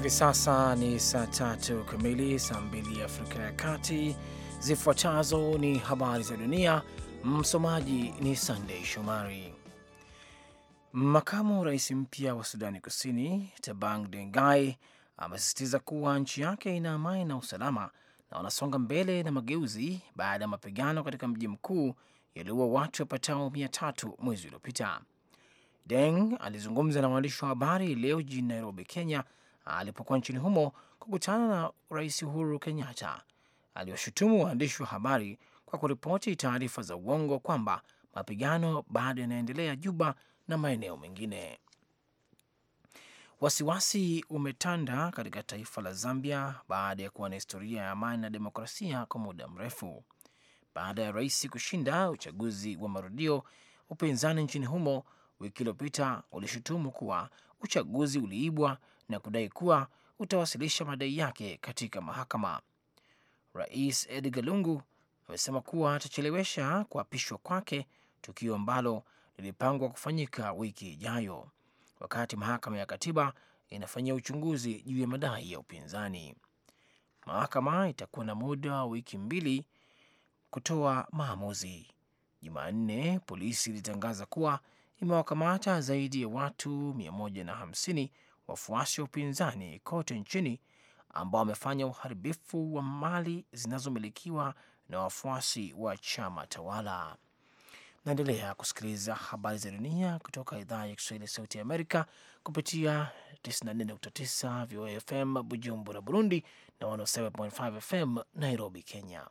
Hivi sasa ni saa tatu kamili, saa mbili Afrika ya Kati. Zifuatazo ni habari za dunia, msomaji ni Sandei Shomari. Makamu rais mpya wa Sudani Kusini Tabang Dengai amesisitiza kuwa nchi yake ina amani na usalama na wanasonga mbele na mageuzi baada ya mapigano katika mji mkuu yaliua watu wapatao mia tatu mwezi uliopita. Deng alizungumza na waandishi wa habari leo jijini Nairobi, Kenya, alipokuwa nchini humo kukutana na Rais Uhuru Kenyatta. Aliwashutumu waandishi wa habari kwa kuripoti taarifa za uongo kwamba mapigano bado yanaendelea Juba na maeneo mengine. Wasiwasi umetanda katika taifa la Zambia baada ya kuwa na historia ya amani na demokrasia kwa muda mrefu. Baada ya rais kushinda uchaguzi wa marudio, upinzani nchini humo wiki iliyopita ulishutumu kuwa uchaguzi uliibwa na kudai kuwa utawasilisha madai yake katika mahakama. Rais Edgar Lungu amesema kuwa atachelewesha kuapishwa kwake, tukio ambalo lilipangwa kufanyika wiki ijayo, wakati mahakama ya katiba inafanyia uchunguzi juu ya madai ya upinzani. Mahakama itakuwa na muda wa wiki mbili kutoa maamuzi. Jumanne polisi ilitangaza kuwa imewakamata zaidi ya watu 150 wafuasi wa upinzani kote nchini ambao wamefanya uharibifu wa mali zinazomilikiwa na wafuasi wa chama tawala. Naendelea kusikiliza habari za dunia kutoka idhaa ya Kiswahili ya Sauti ya Amerika kupitia 94.9 VOA FM Bujumbura, Burundi na 107.5 FM Nairobi, Kenya.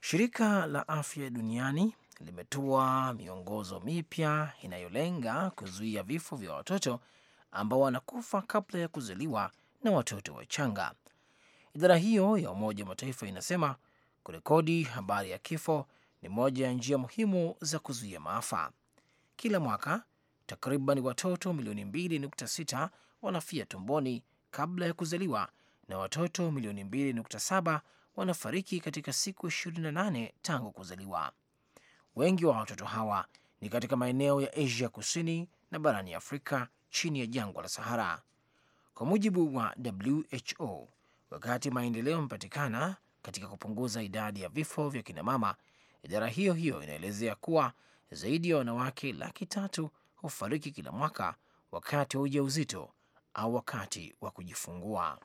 Shirika la Afya Duniani limetoa miongozo mipya inayolenga kuzuia vifo vya watoto ambao wanakufa kabla ya kuzaliwa na watoto wachanga. Idara hiyo ya Umoja wa Mataifa inasema kurekodi habari ya kifo ni moja ya njia muhimu za kuzuia maafa. Kila mwaka takriban watoto milioni 2.6 wanafia tumboni kabla ya kuzaliwa na watoto milioni 2.7 wanafariki katika siku 28 tangu kuzaliwa. Wengi wa watoto hawa ni katika maeneo ya Asia kusini na barani Afrika chini ya jangwa la Sahara. Kwa mujibu wa WHO, wakati maendeleo yamepatikana katika kupunguza idadi ya vifo vya kinamama, idara hiyo hiyo inaelezea kuwa zaidi ya wanawake laki tatu hufariki kila mwaka wakati wa ujauzito au wakati wa kujifungua.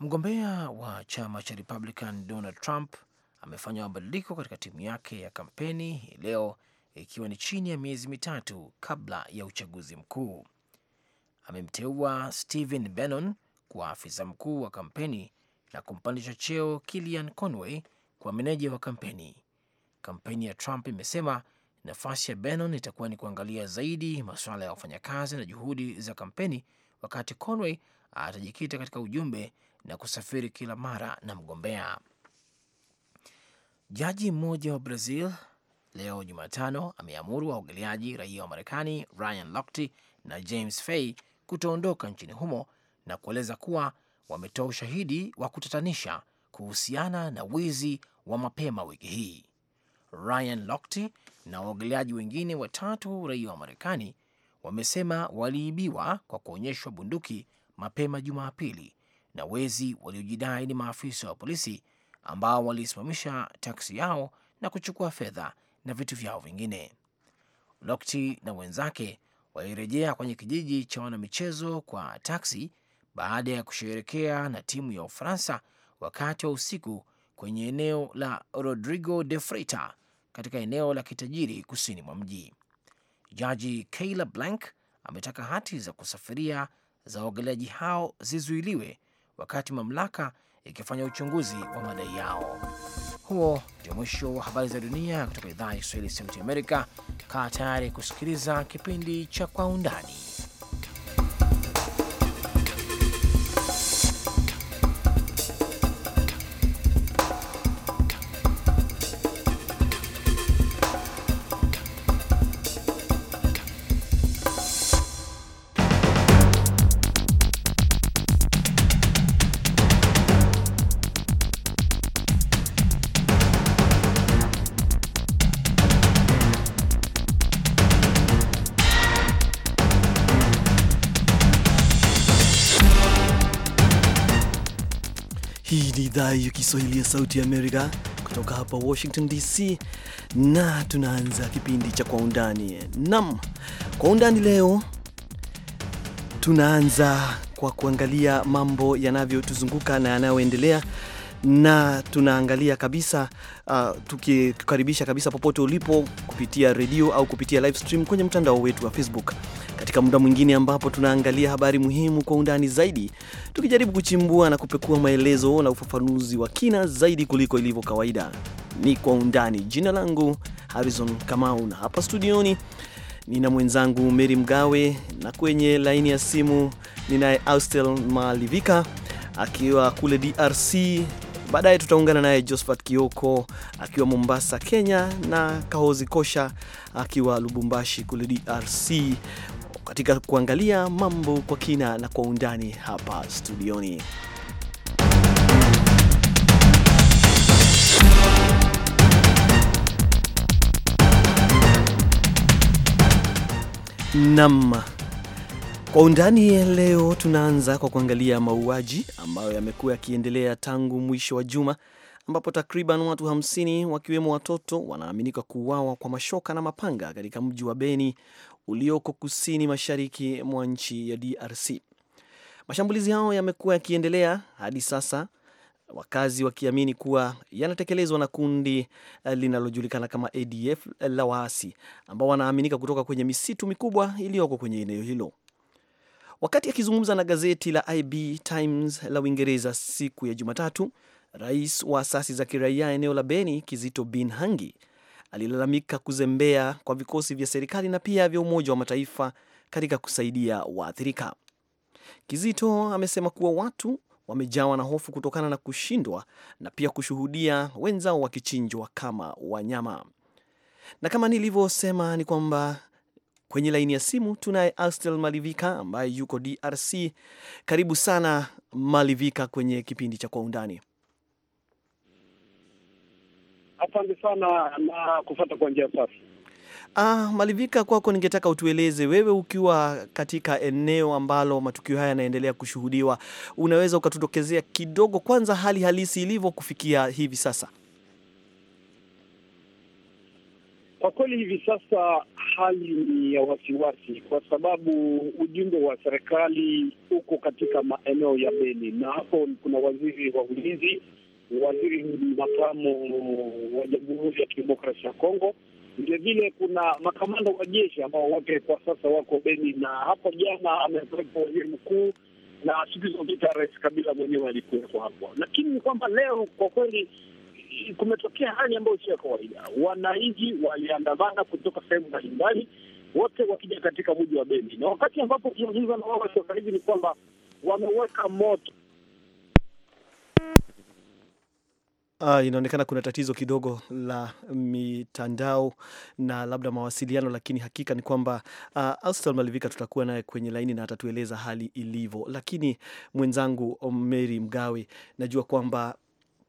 Mgombea wa chama cha Republican Donald Trump amefanya mabadiliko katika timu yake ya kampeni hii leo, ikiwa ni chini ya miezi mitatu kabla ya uchaguzi mkuu. Amemteua Stephen Bannon kuwa afisa mkuu wa kampeni na kumpandisha cheo Kilian Conway kwa meneja wa kampeni. Kampeni ya Trump imesema nafasi ya Bannon itakuwa ni kuangalia zaidi masuala ya wafanyakazi na juhudi za kampeni, wakati Conway atajikita katika ujumbe na kusafiri kila mara na mgombea. Jaji mmoja wa Brazil leo Jumatano ameamuru waogeleaji raia wa Marekani Ryan Lochte na James Fay kutoondoka nchini humo na kueleza kuwa wametoa ushahidi wa kutatanisha kuhusiana na wizi wa mapema wiki hii. Ryan Lochte na waogeleaji wengine watatu raia wa Marekani wamesema waliibiwa kwa kuonyeshwa bunduki mapema Jumapili na wezi waliojidai ni maafisa wa polisi ambao walisimamisha taksi yao na kuchukua fedha na vitu vyao vingine. Lokti na wenzake walirejea kwenye kijiji cha wanamichezo kwa taksi baada ya kusherekea na timu ya Ufaransa wakati wa usiku kwenye eneo la Rodrigo de Freita katika eneo la kitajiri kusini mwa mji. Jaji Kayla Blank ametaka hati za kusafiria za waogeleaji hao zizuiliwe wakati mamlaka ikifanya uchunguzi wa madai yao. Huo ndio mwisho wa habari za dunia kutoka idhaa ya Kiswahili ya Sauti Amerika. Kaa tayari kusikiliza kipindi cha Kwa Undani idhaa ya Kiswahili ya Sauti ya Amerika kutoka hapa Washington DC, na tunaanza kipindi cha Kwa Undani. Nam, Kwa Undani leo tunaanza kwa kuangalia mambo yanavyotuzunguka na yanayoendelea na tunaangalia kabisa uh, tukikaribisha kabisa popote ulipo kupitia redio au kupitia live stream kwenye mtandao wetu wa Facebook katika muda mwingine ambapo tunaangalia habari muhimu kwa undani zaidi, tukijaribu kuchimbua na kupekua maelezo na ufafanuzi wa kina zaidi kuliko ilivyo kawaida. Ni kwa undani. Jina langu Harrison Kamau, na hapa studioni nina mwenzangu Meri Mgawe, na kwenye laini ya simu ninaye Austel Malivika akiwa kule DRC Baadaye tutaungana naye Josphat Kioko akiwa Mombasa, Kenya, na Kahozi Kosha akiwa Lubumbashi kule DRC katika kuangalia mambo kwa kina na kwa undani hapa studioni. Nam kwa undani leo tunaanza kwa kuangalia mauaji ambayo yamekuwa yakiendelea tangu mwisho wa juma ambapo takriban watu 50 wakiwemo watoto wanaaminika kuuawa kwa mashoka na mapanga katika mji wa Beni ulioko kusini mashariki mwa nchi ya DRC. Mashambulizi hayo yamekuwa yakiendelea hadi sasa, wakazi wakiamini kuwa yanatekelezwa na kundi eh, linalojulikana kama ADF eh, la waasi ambao wanaaminika kutoka kwenye misitu mikubwa iliyoko kwenye eneo hilo. Wakati akizungumza na gazeti la IB Times la Uingereza siku ya Jumatatu, rais wa asasi za kiraia eneo la Beni Kizito Bin Hangi alilalamika kuzembea kwa vikosi vya serikali na pia vya Umoja wa Mataifa katika kusaidia waathirika. Kizito amesema kuwa watu wamejawa na hofu kutokana na kushindwa na pia kushuhudia wenzao wakichinjwa kama wanyama. Na kama nilivyosema ni kwamba Kwenye laini ya simu tunaye Astel Malivika ambaye yuko DRC. Karibu sana Malivika kwenye kipindi cha Kwa Undani. Asante sana na kufata kwa njia safi. Ah, Malivika, kwako ningetaka utueleze wewe, ukiwa katika eneo ambalo matukio haya yanaendelea kushuhudiwa, unaweza ukatutokezea kidogo, kwanza hali halisi ilivyo kufikia hivi sasa? Kwa kweli hivi sasa hali ni ya wasiwasi, kwa sababu ujumbe wa serikali uko katika maeneo ya Beni, na hapo kuna waziri wa ulinzi, waziri makamu wa Jamhuri ya Kidemokrasia ya Kongo, vilevile kuna makamanda wa jeshi ambao wote kwa sasa wako Beni, na hapo jana amekuwepo waziri mkuu na siku zilizopita Rais Kabila mwenyewe alikuwepo hapo, lakini ni kwamba leo kwa kweli kumetokea hali ambayo sio ya kawaida. Wananchi waliandamana kutoka sehemu mbalimbali, wote wakija katika mji wa Beni, na wakati ambapo kuzungumza na wao sasa hivi ni kwamba wameweka moto Ah, inaonekana kuna tatizo kidogo la mitandao na labda mawasiliano, lakini hakika ni kwamba uh, Aston Malivika tutakuwa naye kwenye laini na atatueleza hali ilivyo. Lakini mwenzangu Mary Mgawe, najua kwamba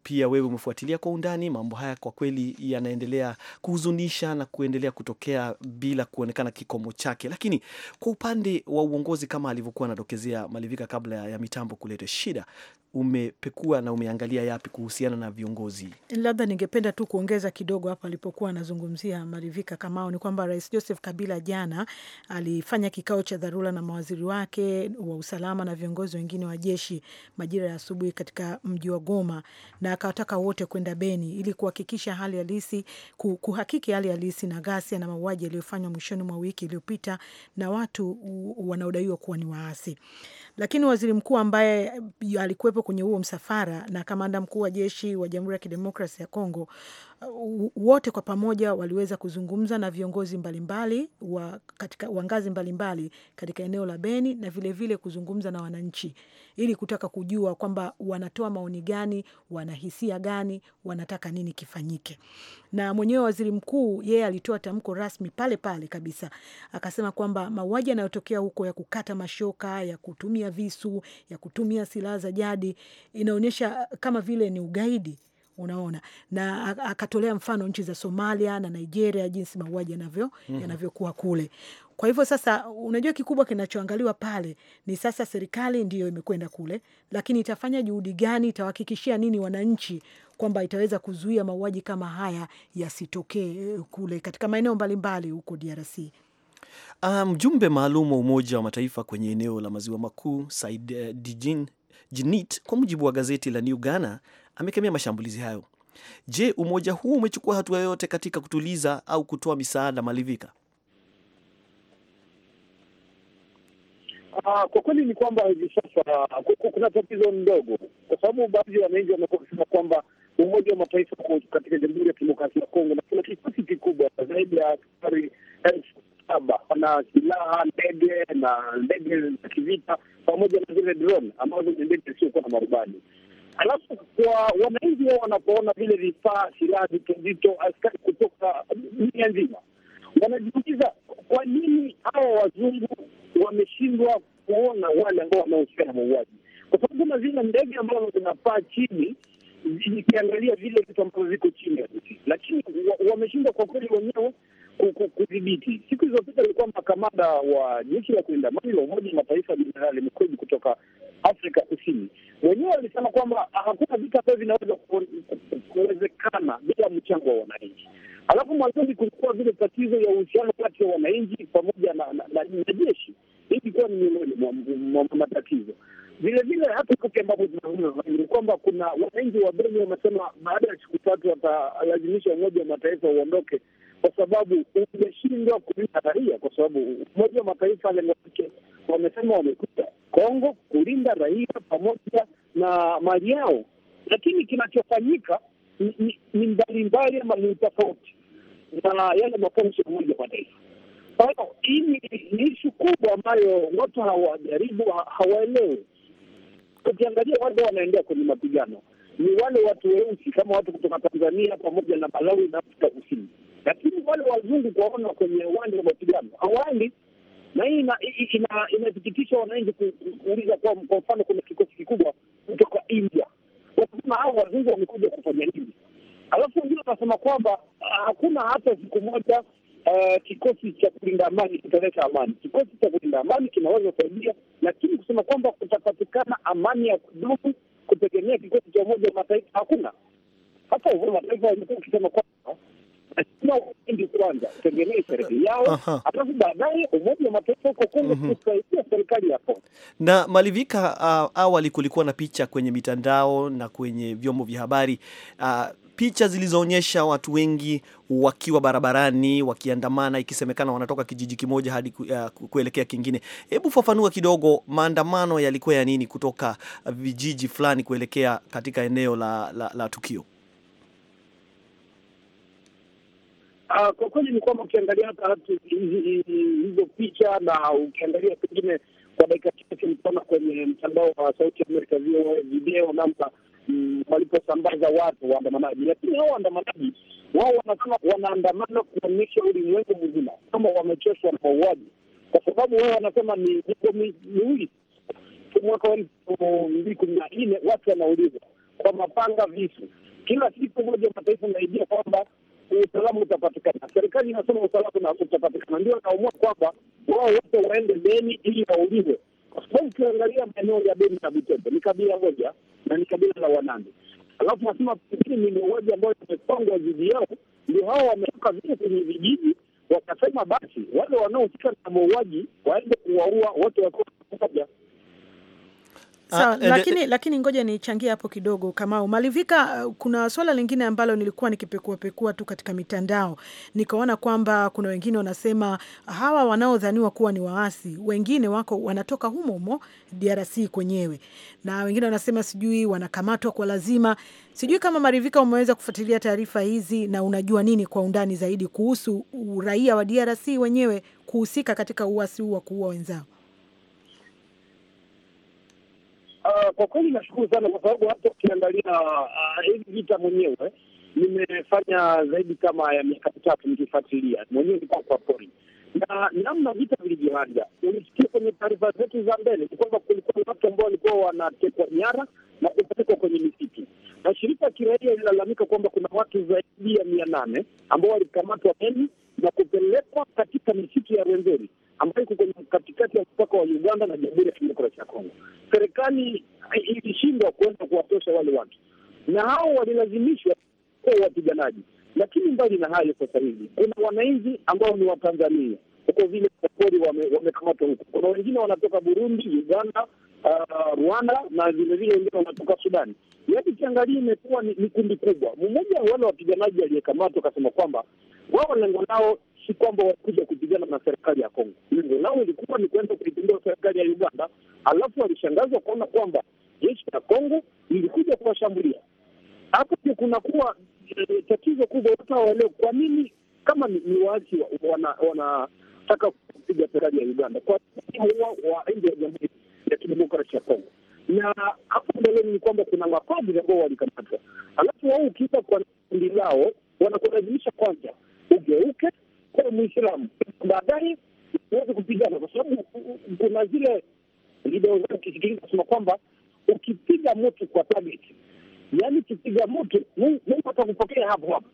pia wewe umefuatilia kwa undani mambo haya. Kwa kweli yanaendelea kuhuzunisha na kuendelea kutokea bila kuonekana kikomo chake. Lakini kwa upande wa uongozi, kama alivyokuwa anadokezea Malivika kabla ya mitambo kuleta shida, umepekua na umeangalia yapi kuhusiana na viongozi? Labda ningependa tu kuongeza kidogo hapa alipokuwa anazungumzia Malivika Kamao, ni kwamba Rais Joseph Kabila jana alifanya kikao cha dharura na mawaziri wake wa usalama na viongozi wengine wa jeshi majira ya asubuhi katika mji wa Goma na na akawataka wote kwenda Beni ili kuhakikisha hali halisi, kuhakiki hali halisi na ghasia na mauaji yaliyofanywa mwishoni mwa wiki iliyopita na watu wanaodaiwa kuwa ni waasi. Lakini waziri mkuu ambaye alikuwepo kwenye huo msafara na kamanda mkuu wa jeshi wa Jamhuri ya Kidemokrasi ya Kongo wote kwa pamoja waliweza kuzungumza na viongozi mbalimbali wa, katika, wa ngazi mbalimbali katika eneo la Beni na vilevile vile kuzungumza na wananchi ili kutaka kujua kwamba wanatoa maoni gani, wanahisia gani, wanataka nini kifanyike. Na mwenyewe waziri mkuu yeye alitoa tamko rasmi pale pale kabisa, akasema kwamba mauaji yanayotokea huko ya kukata mashoka, ya kutumia visu, ya kutumia silaha za jadi inaonyesha kama vile ni ugaidi unaona, na akatolea mfano nchi za Somalia na Nigeria, jinsi mauaji yanavyo mm. yanavyokuwa kule. Kwa hivyo sasa, unajua kikubwa kinachoangaliwa pale ni sasa, serikali ndiyo imekwenda kule, lakini itafanya juhudi gani? Itawahakikishia nini wananchi kwamba itaweza kuzuia mauaji kama haya yasitokee eh, kule katika maeneo mbalimbali huko DRC? Ah, mjumbe um, maalum wa Umoja wa Mataifa kwenye eneo la Maziwa Makuu Said uh, Dijin Jinit, kwa mujibu wa gazeti la New Ghana, amekemea mashambulizi hayo. Je, umoja huu umechukua hatua yoyote katika kutuliza au kutoa misaada malivika? Aa, ah, kwa kweli ni kwamba hivi sasa kuna tatizo ndogo, kwa sababu baadhi ya wananchi wamekuwa wakisema kwamba Umoja wa Mataifa katika Jamhuri ya Kidemokrasia ya Kongo na kuna kikosi kikubwa zaidi ya askari elfu saba wana silaha, ndege na ndege za kivita pamoja na zile drone ambazo ni ndege zisizokuwa na marubani. Alafu kwa wananchi wao wanapoona vile vifaa, silaha zito askari kutoka dunia nzima, wanajiuliza kwa nini hawa wazungu wameshindwa kuona wale ambao wamehusika na mauaji, kwa sababu na zile ndege ambazo zinapaa chini zikiangalia vile vitu ambavyo viko chini ya nchi, lakini wameshindwa kwa kweli wenyewe kudhibiti. Siku hizopita alikuwa makamanda wa jeshi la kulinda amani la Umoja wa Mataifa Jenerali mkwedi kutoka Afrika Kusini wenyewe walisema kwamba hakuna vita ambayo vinaweza kuwezekana bila mchango wa wananchi. Alafu mwanzoni kulikuwa vile tatizo ya uhusiano kati ya wananchi pamoja na, na, na, na jeshi. Hii ilikuwa ni miongoni mwa matatizo. Vile vile hata kote ambapo tunazungumza ni kwamba kuna wananchi wa Beni wamesema baada ya siku tatu watalazimisha Umoja wa Mataifa uondoke kwa sababu umeshindwa kulinda raia, kwa sababu Umoja wa Mataifa lengo lake wamesema wamekuta Kongo kulinda raia pamoja na mali yao, lakini kinachofanyika ni, mbalimbali ama ni tofauti na yale mafunzo ya Umoja wa Mataifa. Kwa hiyo hii ni ishu kubwa ambayo watu hawajaribu, hawaelewi. Ukiangalia wale wanaendea kwenye mapigano ni wale watu weusi kama watu kutoka Tanzania pamoja na Malawi na Afrika Kusini, lakini wale wazungu kwaona kwenye uwanja wa mapigano awali na hii inasikitisha wananchi kuuliza, kwa mfano, kuna kikosi kikubwa kutoka India, wakasema hao wazungu wamekuja kufanya nini? Alafu wengine wanasema kwamba ah, hakuna hata siku moja Uh, kikosi cha kulinda amani kitaleta amani. Kikosi cha kulinda amani kinaweza kusaidia, lakini kusema kwamba kutapatikana amani ya kudumu kutegemea kikosi cha Umoja wa Mataifa hakuna. Hata Umoja wa Mataifa imekuwa ukisema kwamba lazima kwanza utengenee serikali yao, halafu baadaye Umoja wa Mataifa huko Kongo mhm. kusaidia serikali ya Kongo. Na Malivika, uh, awali kulikuwa na picha kwenye mitandao na kwenye vyombo vya habari uh, picha zilizoonyesha watu wengi wakiwa barabarani wakiandamana, ikisemekana wanatoka kijiji kimoja hadi uh, kuelekea kingine. Hebu fafanua kidogo, maandamano yalikuwa ya nini kutoka vijiji fulani kuelekea katika eneo la, la, la tukio? Uh, kwa kweli ni kwamba ukiangalia hata hizo picha na ukiangalia pengine kwa dakika chache mkona kwenye mtandao wa Sauti ya Amerika VOA video namba mm, waliposambaza watu waandamanaji, lakini hao waandamanaji wao wanasema wanaandamana kuonyesha ulimwengu mzima kama wamechoshwa na mauaji, kwa sababu wao wanasema ni jambo miwili. Mwaka wa elfu mbili kumi na nne watu wanaulizwa kwa mapanga, visu. Kila siku Umoja wa Mataifa unaijia kwamba usalama utapatikana. Serikali inasema usalama utapatikana, ndio wanaamua kwamba wao wote waende Beni ili wauliwe, kwa sababu ukiangalia maeneo ya Beni na Butembo ni kabila moja na ni kabila la Wanandi. Alafu nasema pengine ni mauaji ambayo imepangwa dhidi yao, ndio hao wametoka vile kwenye vijiji wakasema basi wale wanaohusika na mauaji waende kuwaua wote wakiwa pamoja, Ah, Sawa, lakini, eh, lakini ngoja nichangie hapo kidogo Kamau Malivika. Uh, kuna swala lingine ambalo nilikuwa nikipekuapekua tu katika mitandao nikaona kwamba kuna wengine wanasema hawa wanaodhaniwa kuwa ni waasi wengine wako wanatoka humo humo DRC kwenyewe, na wengine wanasema sijui wanakamatwa kwa lazima. Sijui kama marivika umeweza kufuatilia taarifa hizi na unajua nini kwa undani zaidi kuhusu uraia wa DRC wenyewe kuhusika katika uasi huu wa kuua wenzao. Ah, kwa kweli nashukuru sana kwa sababu hata ukiangalia ah, hivi uh, vita mwenyewe nimefanya zaidi kama ya miaka mitatu nikifuatilia mwenyewe, nilikuwa kwa pori na namna vita vilivyoanja, ulisikia kwenye taarifa zetu za mbele ni kwamba kulikuwa na watu ambao walikuwa wanatekwa nyara na kupelekwa kwenye misitu, na shirika ya kiraia ililalamika kwamba kuna watu zaidi ya mia nane ambao walikamatwa Beni na kupelekwa katika misitu ya rwenzeri ambayo iko kwenye katikati ya mpaka wa Uganda na Jamhuri ya Kidemokrasia ya Kongo serikali ilishindwa kuenda kuwatosha wale watu, na hao walilazimishwa kuwa wapiganaji. Lakini mbali na hayo, sasa hivi kuna wananchi ambao ni Watanzania huko vile wapori wamekamatwa wame huko, kuna wengine wanatoka Burundi, Uganda, uh, Rwanda na vilevile wengine wanatoka Sudani. Yaani kiangalia imekuwa ni, ni kundi kubwa. Mmoja wa wale wapiganaji aliyekamatwa akasema kwamba wao lengo lao si kwamba walikuja kupigana na serikali ya Kongo. Lengo lao ilikuwa ni kuenda kuipindua serikali ya Uganda, alafu walishangazwa kuona kwamba jeshi la Kongo lilikuja kuwashambulia. Hapo ndio kunakuwa eh, tatizo kubwa. Watu hawaelewe kwa nini, kama ni, ni waasi wanataka wana, kupiga serikali ya Uganda kwa wa nje ya Jamhuri ya Kidemokrasia ya Kongo na hapo mbeleni ni kwamba kuna mapadri ambao walikamatwa, alafu wao ukiita kwa kundi lao wanakulazimisha kwanza ugeuke, Muislamu, baadaye uweze kupigana, kwa sababu kuna zile video zao kusema kwamba ukipiga mtu kwa target, yaani ukipiga mtu Mungu atakupokea hapo hapo.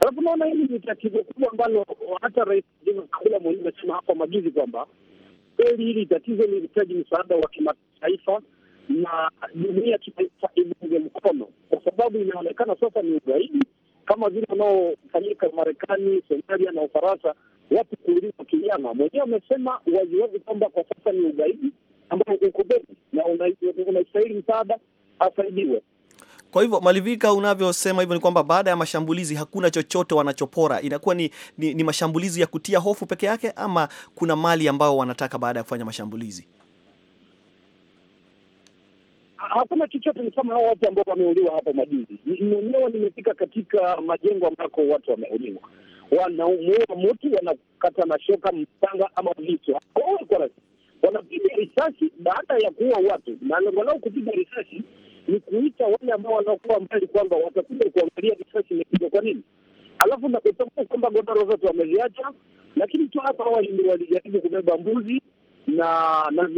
Alafu naona hili ni tatizo kubwa ambalo hata Rais Kabila mwenyewe amesema hapo majuzi kwamba kweli hili tatizo lilihitaji msaada wa kimataifa na jumuia ya kimataifa iunge mkono, kwa sababu inaonekana sasa ni ugaidi kama vile unaofanyika Marekani, Somalia na Ufaransa, watu kuuliwa kinyama. Mwenyewe amesema waziwazi kwamba kwa sasa ni ugaidi ambao uko begi na una msaada, asaidiwe. Kwa hivyo Malivika, unavyosema hivyo ni kwamba baada ya mashambulizi hakuna chochote wanachopora, inakuwa ni, ni, ni mashambulizi ya kutia hofu peke yake, ama kuna mali ambayo wanataka baada ya kufanya mashambulizi? hakuna chochote, ni kama hao watu ambao wameuliwa hapo majuzi. Mwenyewe nimefika katika majengo ambako watu wameuliwa, wanaumua mtu, wanakata na shoka, mpanga ama visu, wanapiga risasi baada ya kuua watu, na lengo lao kupiga risasi ni kuita wale ambao wanaokuwa mbali kwamba watakuja kuangalia risasi imepigwa kwa nini. Alafu nakutambua kwamba godoro zote wameziacha, lakini tu hapa awali walijaribu kubeba mbuzi na na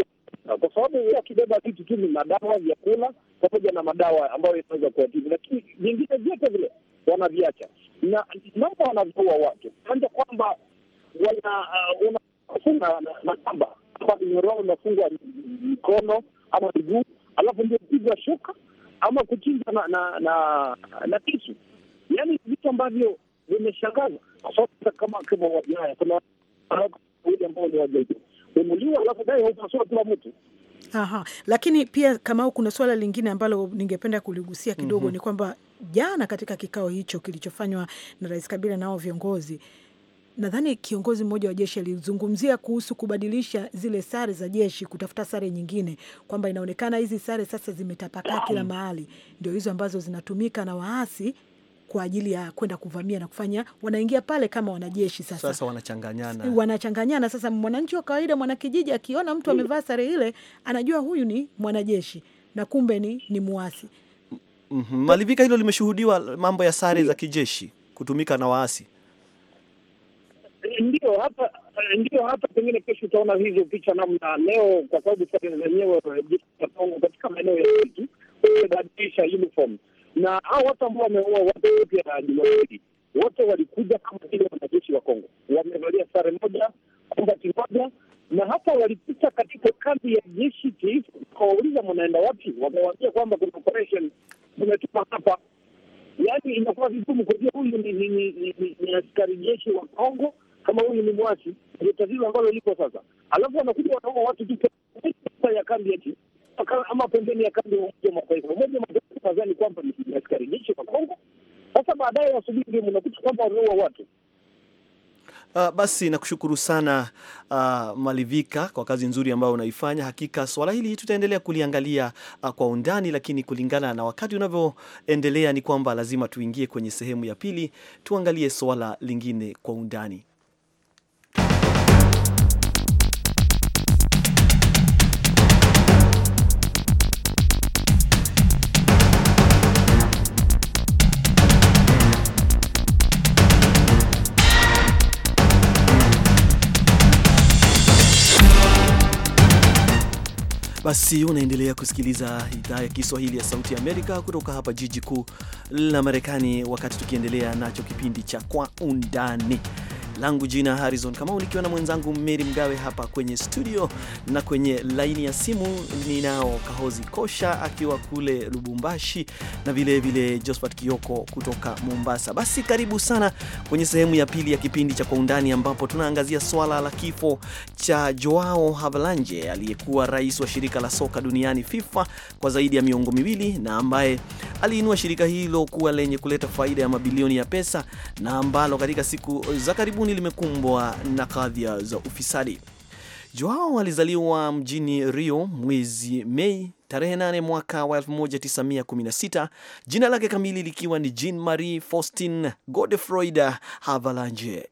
kwa sababu akibeba kitu tu ni madawa, vyakula pamoja na madawa ambayo inaweza kuwatibu, lakini vingine vyote vile wanaviacha na namna wanavyoua watu kwanza, kwamba uh, unafunga na kamba kama minyororo unafungwa mkono ama miguu, alafu ndio pigwa shuka ama kuchinja na na na, na kisu. Yani vitu ambavyo vimeshangaza, kwa sababu kama kama wajaya kuna ambao ni wajaya kununuliwa, alafu bei haupasua kila mtu. Aha. Lakini pia kama kuna suala lingine ambalo ningependa kuligusia kidogo, mm -hmm. ni kwamba jana katika kikao hicho kilichofanywa na Rais Kabila nao viongozi nadhani kiongozi mmoja wa jeshi alizungumzia kuhusu kubadilisha zile sare za jeshi, kutafuta sare nyingine, kwamba inaonekana hizi sare sasa zimetapakaa kila mm. mahali, ndio hizo ambazo zinatumika na waasi kwa ajili ya kwenda kuvamia na kufanya, wanaingia pale kama wanajeshi. Sasa, sasa wanachanganyana, wanachanganyana. Sasa mwananchi wa kawaida, mwanakijiji akiona mtu amevaa sare ile, anajua huyu ni mwanajeshi na kumbe ni, ni muasi. Mm -hmm. Malivika, hilo limeshuhudiwa, mambo ya sare za kijeshi kutumika na waasi. Ndio hapa ndio hapa, pengine kesho utaona hizo picha namna leo, kwa sababu sare zenyewe eh, katika maeneo ya tu uniform na hao watu ambao wameua pia na Andilowedi wote walikuja Basi nakushukuru sana uh, Malivika kwa kazi nzuri ambayo unaifanya. Hakika swala hili tutaendelea kuliangalia uh, kwa undani, lakini kulingana na wakati unavyoendelea ni kwamba lazima tuingie kwenye sehemu ya pili, tuangalie swala lingine kwa undani. Basi unaendelea kusikiliza idhaa ya Kiswahili ya Sauti ya Amerika kutoka hapa jiji kuu la Marekani, wakati tukiendelea nacho kipindi cha Kwa Undani langu jina Harrison Kamau, nikiwa na mwenzangu Meri Mgawe hapa kwenye studio, na kwenye laini ya simu ninao Kahozi Kosha akiwa kule Lubumbashi na vilevile Josphat Kioko kutoka Mombasa. Basi karibu sana kwenye sehemu ya pili ya kipindi cha Kwa Undani, ambapo tunaangazia swala la kifo cha Joao Havelange aliyekuwa rais wa shirika la soka duniani FIFA kwa zaidi ya miongo miwili na ambaye aliinua shirika hilo kuwa lenye kuleta faida ya mabilioni ya pesa na ambalo katika siku za karibuni Marekani limekumbwa na kadhia za ufisadi. Joao alizaliwa mjini Rio mwezi Mei tarehe 8 mwaka wa 1916, jina lake kamili likiwa ni Jean Marie Faustin Godefroid Havelange.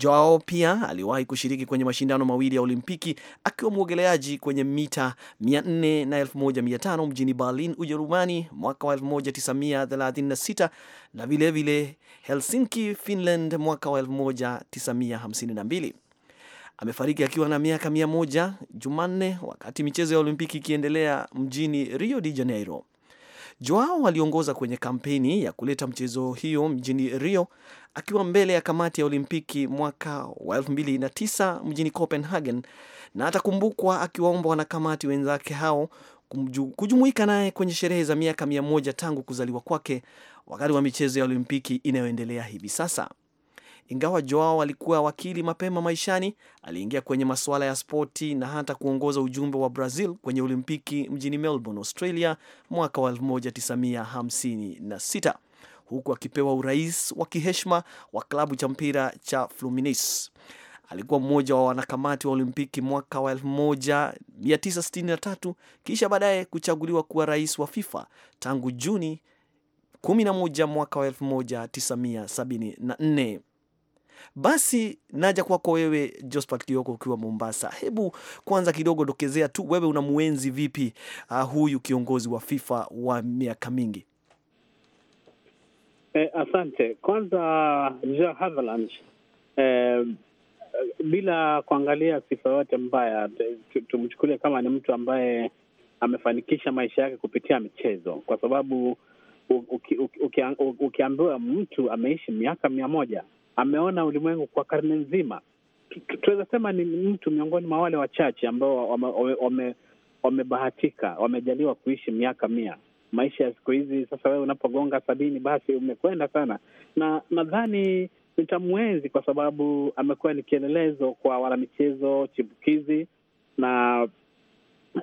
Joao pia aliwahi kushiriki kwenye mashindano mawili ya Olimpiki akiwa mwogeleaji kwenye mita 400 na 1500 mjini Berlin, Ujerumani mwaka wa 1936 na vilevile Helsinki, Finland mwaka wa 1952. Amefariki akiwa na miaka 100 Jumanne, wakati michezo ya Olimpiki ikiendelea mjini Rio de Janeiro. Joao aliongoza kwenye kampeni ya kuleta mchezo hiyo mjini Rio akiwa mbele ya kamati ya Olimpiki mwaka wa 29 mjini Copenhagen, na atakumbukwa akiwaomba wanakamati wenzake hao kujumuika naye kwenye sherehe za miaka mia moja tangu kuzaliwa kwake wakati wa michezo ya Olimpiki inayoendelea hivi sasa. Ingawa Joao alikuwa wakili mapema maishani, aliingia kwenye masuala ya spoti na hata kuongoza ujumbe wa Brazil kwenye Olimpiki mjini Melbourne, Australia mwaka wa 1956 huku akipewa urais wa kiheshima wa klabu cha mpira cha Fluminense. Alikuwa mmoja wa wanakamati wa Olimpiki mwaka wa 1963 kisha baadaye kuchaguliwa kuwa rais wa FIFA tangu Juni 11 mwaka wa 1974. Basi naja kwako wewe Josephat Kioko ukiwa Mombasa. Hebu kwanza kidogo dokezea tu, wewe unamuenzi vipi uh, huyu kiongozi wa FIFA wa miaka mingi? Eh, asante. Kwanza ja eh, bila kuangalia sifa yote mbaya, tumchukulie kama ni mtu ambaye amefanikisha maisha yake kupitia michezo, kwa sababu uki, uki, uki, ukiambiwa mtu ameishi miaka mia moja, ameona ulimwengu kwa karne nzima, tunaweza sema ni mtu miongoni mwa wale wachache ambao wamebahatika, wame, wame, wamejaliwa kuishi miaka mia maisha ya siku hizi. Sasa wewe unapogonga sabini, basi umekwenda sana, na nadhani nitamwenzi kwa sababu amekuwa ni kielelezo kwa wanamichezo chipukizi na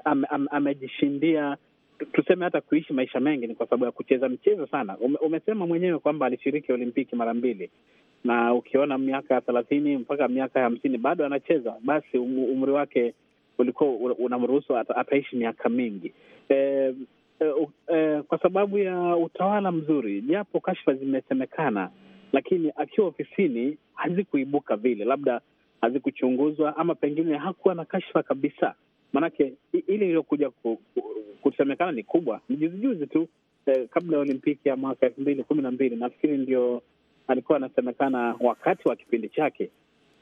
am, am, amejishindia tuseme hata kuishi maisha mengi ni kwa sababu ya kucheza michezo sana. Ume, umesema mwenyewe kwamba alishiriki Olimpiki mara mbili, na ukiona miaka ya thelathini mpaka miaka hamsini bado anacheza, basi umri wake ulikuwa unamruhusu ataishi miaka mingi. E, uh, uh, kwa sababu ya utawala mzuri, japo kashfa zimesemekana, lakini akiwa ofisini hazikuibuka vile, labda hazikuchunguzwa ama pengine hakuwa na kashfa kabisa. Maanake ile iliyokuja kusemekana ni kubwa, ni juzijuzi tu eh, kabla ya Olimpiki ya mwaka elfu mbili kumi na mbili nafikiri ndio alikuwa anasemekana wakati wa kipindi chake.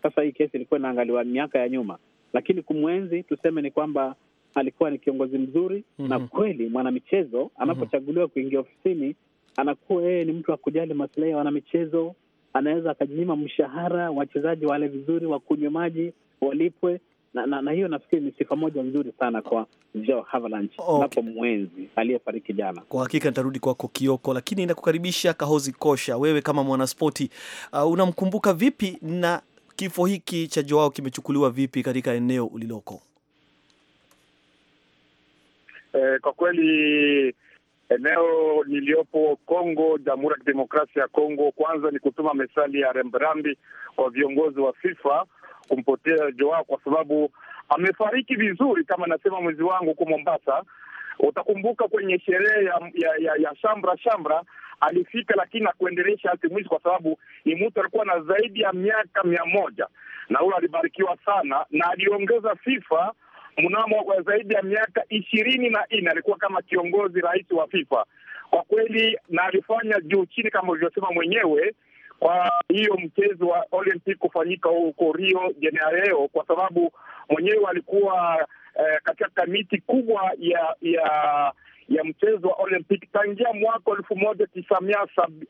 Sasa hii kesi ilikuwa inaangaliwa miaka ya nyuma, lakini kumwenzi tuseme ni kwamba alikuwa ni kiongozi mzuri mm -hmm. na mhm. kweli mwanamichezo anapochaguliwa kuingia ofisini anakuwa yeye ni mtu wa kujali masilahi ya wanamichezo. Anaweza akajinyima mshahara, wachezaji wale vizuri, wakunywe maji, walipwe na, na, na hiyo nafikiri ni sifa moja nzuri sana kwa Joe okay. napo mwenzi aliyefariki jana. Kwa hakika nitarudi kwako Kioko, lakini nakukaribisha Kahozi Kosha. Wewe kama mwanaspoti uh, unamkumbuka vipi na kifo hiki cha Joao kimechukuliwa vipi katika eneo uliloko? Eh, kwa kweli eneo niliyopo Kongo, Jamhuri ya Kidemokrasia ya Kongo, kwanza ni kutuma mesali ya rambirambi kwa viongozi wa FIFA kumpotea Joao kwa sababu amefariki vizuri, kama anasema mwezi wangu huko Mombasa. Utakumbuka kwenye sherehe ya, ya, ya, ya shamra shamra alifika, lakini akuendelesha hati mwizi kwa sababu ni mtu alikuwa na zaidi ya miaka mia moja na huyo alibarikiwa sana, na aliongeza FIFA mnamo kwa zaidi ya miaka ishirini na nne alikuwa kama kiongozi rais wa FIFA kwa kweli, na alifanya juu chini kama ulivyosema mwenyewe kwa hiyo mchezo wa Olympic kufanyika huko Rio de Janeiro, kwa sababu mwenyewe alikuwa eh, katika kamiti kubwa ya ya ya mchezo wa Olympic tangia mwaka elfu moja tisa mia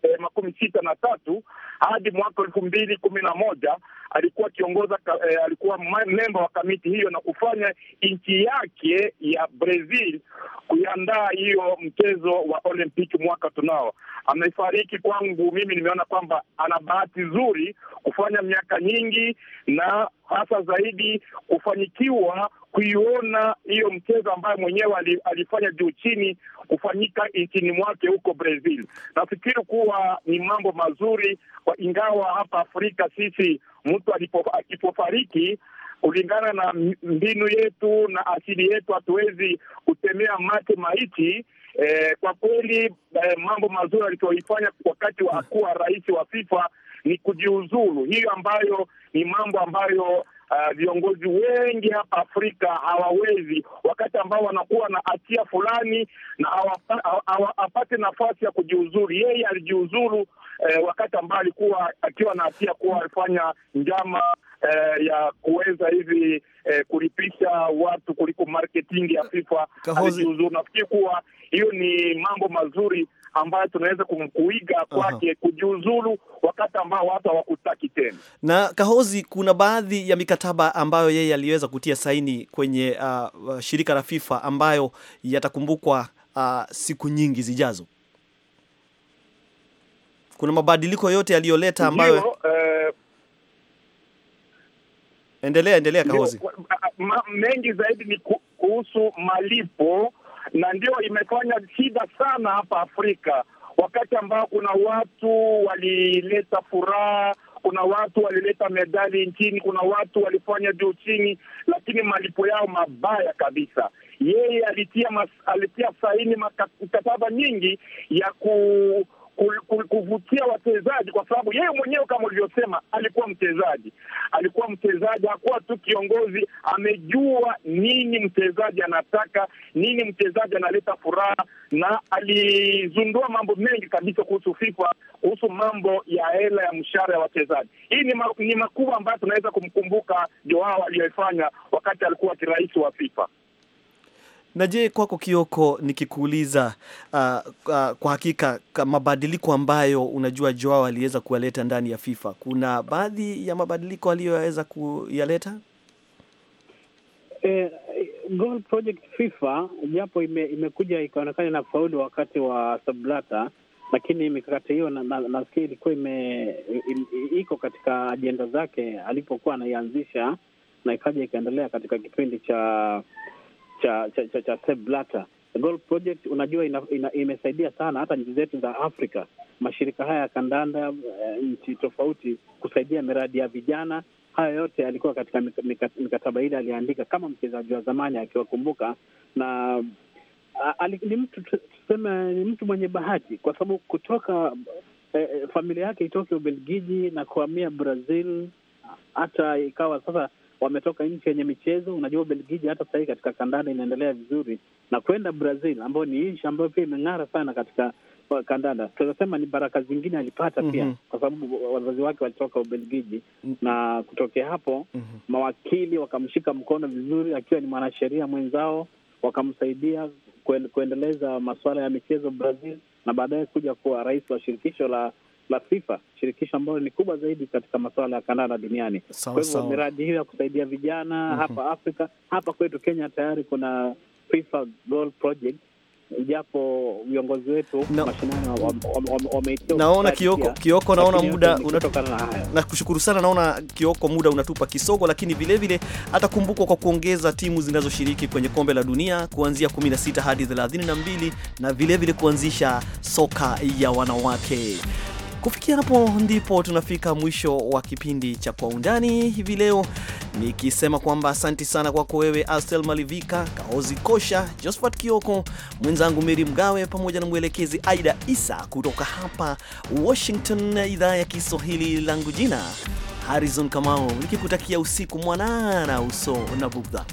eh, makumi sita na tatu hadi mwaka elfu mbili kumi na moja alikuwa akiongoza eh, alikuwa memba wa kamiti hiyo na kufanya nchi yake ya Brazil kuiandaa hiyo mchezo wa Olympic mwaka tunao. Amefariki kwangu mimi, nimeona kwamba ana bahati nzuri kufanya miaka nyingi na hasa zaidi kufanikiwa kuiona hiyo mchezo ambayo mwenyewe alifanya juu chini kufanyika nchini mwake huko Brazil. Nafikiri kuwa ni mambo mazuri kwa, ingawa hapa Afrika sisi mtu akipofariki kulingana na mbinu yetu na asili yetu hatuwezi kutemea mate maiti. Eh, kwa kweli eh, mambo mazuri alichoifanya wakati wa kuwa rais wa FIFA ni kujiuzulu, hiyo ambayo ni mambo ambayo Ah, viongozi uh, wengi hapa Afrika hawawezi, wakati ambao wanakuwa na hatia fulani na apate nafasi ya kujiuzuru. Yeye alijiuzuru eh, wakati ambao alikuwa akiwa na hatia kuwa alifanya njama eh, ya kuweza hivi eh, kulipisha watu kuliko marketing ya FIFA alijiuzuru. Nafikiri kuwa hiyo ni mambo mazuri ambayo tunaweza kuiga kwake, kujiuzulu wakati ambao watu hawakutaki tena. Na Kahozi, kuna baadhi ya mikataba ambayo yeye aliweza kutia saini kwenye uh, shirika la FIFA ambayo yatakumbukwa uh, siku nyingi zijazo. Kuna mabadiliko yote yaliyoleta ambayo Ndiyo, uh, eh, Endelea, endelea Kahozi. Mengi zaidi ni kuhusu malipo, na ndio imefanya shida sana hapa Afrika, wakati ambao kuna watu walileta furaha kuna watu walileta medali nchini, kuna watu walifanya juu chini, lakini malipo yao mabaya kabisa. Yeye alitia mas, alitia saini mkataba nyingi ya ku kuvutia wachezaji, kwa sababu yeye mwenyewe kama ulivyosema, alikuwa mchezaji, alikuwa mchezaji, hakuwa tu kiongozi. Amejua nini mchezaji anataka, nini mchezaji analeta furaha, na alizundua mambo mengi kabisa kuhusu FIFA, kuhusu mambo ya hela ya mshahara ya wachezaji. Hii ni, ma, ni makubwa ambayo tunaweza kumkumbuka Joao aliyoifanya wakati alikuwa kirais wa FIFA. Na je, kwako Kioko, nikikuuliza uh, uh, kwa hakika mabadiliko ambayo unajua Joao aliweza kuyaleta ndani ya FIFA, kuna baadhi ya mabadiliko aliyoweza kuyaleta eh, Goal Project FIFA japo ime, imekuja ikaonekana na faulu wakati wa Sablata, lakini mikakati hiyo nafikiri na, na ilikuwa ime iko katika ajenda zake alipokuwa anaianzisha na ikaja ikaendelea katika kipindi cha cha cha, cha, cha Sepp Blatter. Gold Project unajua ina, ina, imesaidia sana hata nchi zetu za Afrika, mashirika haya ya kandanda e, nchi tofauti kusaidia miradi ya vijana. Haya yote alikuwa katika mikataba ile aliyeandika kama mchezaji wa zamani akiwakumbuka, na ali, ni mtu tuseme, ni mtu mwenye bahati kwa sababu kutoka e, familia yake itoke Ubelgiji na kuhamia Brazil, hata ikawa sasa wametoka nchi yenye michezo. Unajua Ubelgiji hata sahii katika kandanda inaendelea vizuri na kwenda Brazil ambayo ni nchi ambayo pia imeng'ara sana katika uh, kandanda. Tunasema ni baraka zingine alipata mm -hmm. pia mhm. kwa sababu wazazi wake walitoka Ubelgiji mm -hmm. na kutokea hapo mm -hmm. mawakili wakamshika mkono vizuri, akiwa ni mwanasheria mwenzao, wakamsaidia kuendeleza masuala ya michezo Brazil na baadaye kuja kuwa rais wa shirikisho la la FIFA, shirikisho ambalo ni kubwa zaidi katika masuala ya kandanda duniani. Kwa hivyo miradi hiyo ya kusaidia vijana mm -hmm. hapa Afrika, hapa kwetu Kenya tayari kuna FIFA Goal Project japo viongozi wetu no. mashinani wameitia. Naona Kioko, Kioko, naona muda na kushukuru sana. Naona Kioko, muda unatupa kisogo, lakini vilevile atakumbukwa kwa kuongeza timu zinazoshiriki kwenye kombe la dunia kuanzia 16 hadi 32 na vilevile kuanzisha soka ya wanawake. Kufikia hapo ndipo tunafika mwisho wa kipindi cha Kwa Undani hivi leo, nikisema kwamba asanti sana kwako wewe Astel Malivika, Kaozi Kosha, Josphat Kioko, mwenzangu Meri Mgawe pamoja na mwelekezi Aida Isa kutoka hapa Washington na idhaa ya Kiswahili. Langu jina Harrison Kamau, nikikutakia usiku mwanana uso na bugdha.